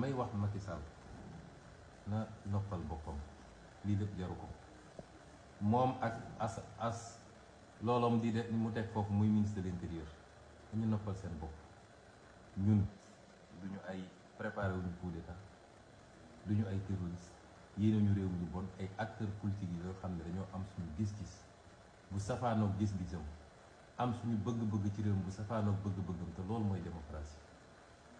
may wax matisal Sall na noppal boppam lii de jaru ko moom ak as as loolom di de mu teg foofu muy ministre de l'intérieur dañu noppal seen bopp ñun duñu ay préparé wuñ coup d'état duñu ay terroriste yéen ñu réew mi bon ay acteurs politiques yi yoo xam ne dañoo am suñu gis-gis bu safaanoog gis-gisam am suñu bëgg-bëgg ci réew mi bu safaanoog bëgg-bëggam bëgg te loolu mooy démocratie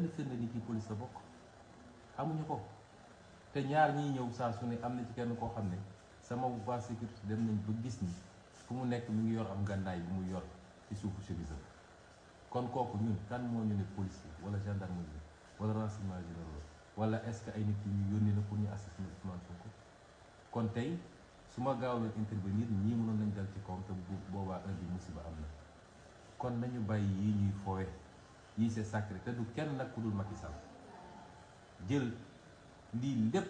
benn firnde ni kii police sa bokk amuñu ko te ñaar ñi ñëw saa su ne am na ci kenn koo xam ne sama waa sécurité dem nañ bu gis ni fu mu nekk mu ngi yor am gànnaay bi mu yor ci suufu chemise kon kooku ñun kan moo ñu ne police la wala gendarmerie wala renseignement général wala est-ce ay nit yi ñu yónni na pour ñu assister Ousmane Sonko kon tey su ma gaaw leen intervenir ñii mënoon nañ dal ci kawam te bu boobaa heure bi musiba am na kon nañu bàyyi yii ñuy fowe yii c'est sacré te du kenn nag ku dul Macky Sall jël lii lépp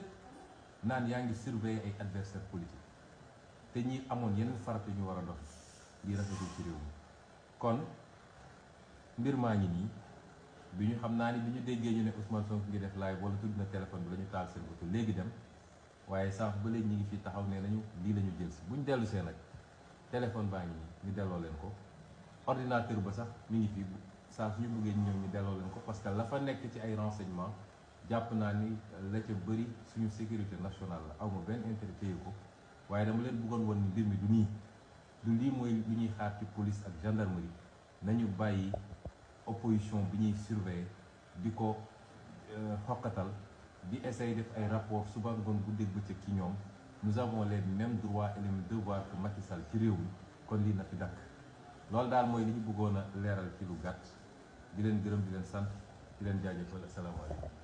naan yaa ngi surveiller ay adversaire politique te ñi amoon yeneen farata ñu war dox lii rafetul ci réew kon mbir maa ngi nii bi ñu xam naa ni bi ñu déggee ñu ne Ousmane Sonko ngi def live wala tudd na téléphone bi la taal seen oto léegi dem waaye saaf ba léegi ñi ngi fi taxaw nee nañu lii la ñu jël si bu ñu dellu see nag téléphone baa ngi ñu delloo leen ko ordinateur ba sax mi ngi fii saa su ñu bëggee ñëw ñu delloo ko parce que la fa nekk ci ay renseignements jàpp naa ni la ca bëri suñu sécurité nationale la awma benn intérêt téye ko waaye dama leen bëggoon woon ni mbir mi du nii du lii mooy lu xaar ci police ak gendarmerie nañu bàyyi opposition bi ñuy surveiller di ko euh, xokkatal di essayer def ay rapport suba ngoon guddeeg bëccëg ci ñoom nous avons les mêmes droits et les mêmes devoirs que Macky Sall ci réew mi kon lii na fi dakk loolu daal mooy li ñu bëggoon a leeral ci lu gàtt di leen gërëm di leen sant di leen jaajëfal asalaamaaleykum